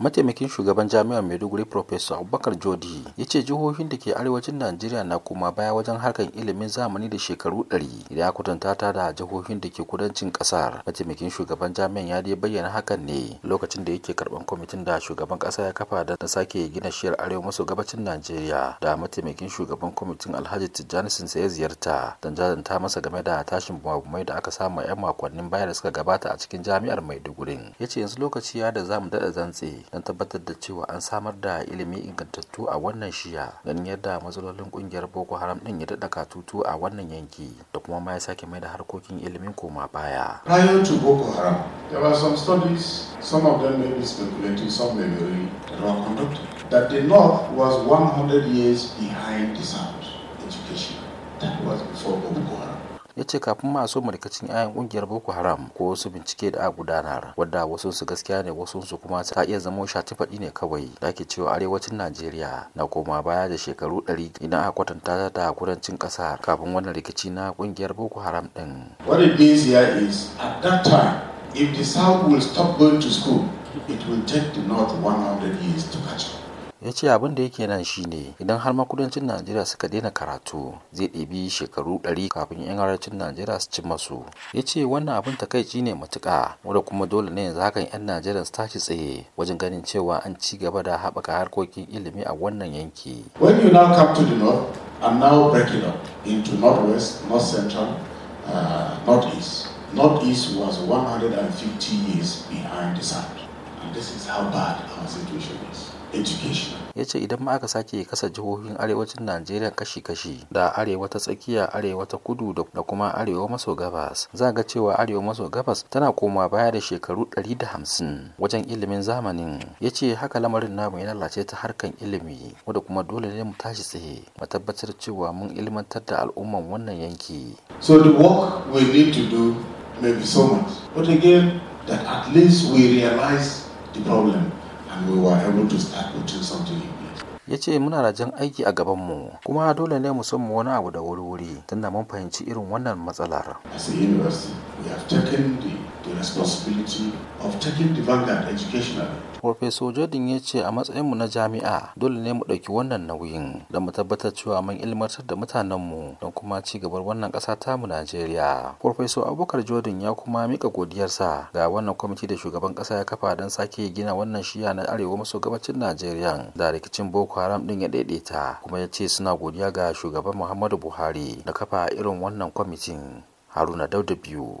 mataimakin shugaban jami'ar maiduguri professor abubakar jodi ya ce jihohin da ke arewacin najeriya na kuma baya wajen harkar ilimin zamani da shekaru 100 idan ya kwatanta ta da jihohin da ke kudancin kasar mataimakin shugaban jami'an ya dai bayyana hakan ne lokacin da yake karban kwamitin da shugaban kasa ya kafa da sake gina shiyar arewa maso gabacin najeriya da mataimakin shugaban kwamitin alhaji tijjani sinsa ya ziyarta don jajanta masa game da tashin bumabumai da aka samu 'yan makonnin baya da suka gabata a cikin jami'ar maiduguri ya ce yanzu lokaci ya da zamu daɗa zantse don tabbatar da cewa an samar da ilimi ingantattu a wannan shiya ganin yadda matsalolin kungiyar boko haram din ya daɗa tutu a wannan yanki da kuma ma ya sake mai da harkokin ilimin koma baya. Prior to Boko Haram, there were some studies, some of them may be speculating, some may be real, that were conducted, that the North was 100 years behind the South education. That was before Boko Haram. ya ce kafin ma a so malikacin 'ya'yan kungiyar boko haram ko wasu bincike da a gudanar wadda wasu su gaskiya ne wasu su kuma ta iya zama faɗi ne kawai da ake cewa arewacin najeriya na koma baya da shekaru ɗari idan aka kwatanta da kudancin ƙasa kafin wannan rikici na kungiyar boko haram ɗin. what it means here is at that time if the south will stop going to school it will take the north 100 years to catch up. ya ce abin da yake nan shine idan har makudancin najeriya suka daina karatu zai ɗebi shekaru ɗari kafin yan arewacin najeriya su ci masu ya ce wannan abin takaici ne matuƙa wanda kuma dole ne yanzu hakan yan najeriya su tashi tsaye wajen ganin cewa an ci gaba da haɓaka harkokin ilimi a wannan yanki when you now come to the north and now it up into northwest north central uh, northeast northeast was 150 years behind the south and this is how bad our situation is education ya idan ma aka sake kasa jihohin arewacin najeriya kashi-kashi da arewa ta tsakiya arewa ta kudu da kuma arewa maso gabas za ga cewa arewa maso gabas tana koma baya da shekaru 150 wajen ilimin zamanin ya haka lamarin namu ya lalace ta harkan ilimi wadda kuma dole ne mu tashi tsaye mu tabbatar cewa mun ilimantar da al'umman wannan yanki so the work we need to do may be so much but again that at least we realize the problem ya ce muna da jan aiki a gabanmu kuma dole ne mu san wani abu da wuri-wuri tunda mun fahimci irin wannan matsalar. As a university, we have taken the the responsibility of taking the vanguard educationally Farfeso Jordan ya ce a matsayinmu na jami'a dole ne mu ɗauki wannan nauyin da mu tabbatar cewa mun ilmantar da mutanenmu don kuma ci gabar wannan ƙasa ta mu Najeriya. Farfeso Abubakar Jordan ya kuma mika godiyarsa ga wannan kwamiti da shugaban ƙasa ya kafa don sake gina wannan shiya na arewa maso gabacin Najeriya da rikicin Boko Haram ɗin ya daidaita kuma ya ce suna godiya ga shugaban Muhammadu Buhari da kafa irin wannan kwamitin. Haruna Dauda biyu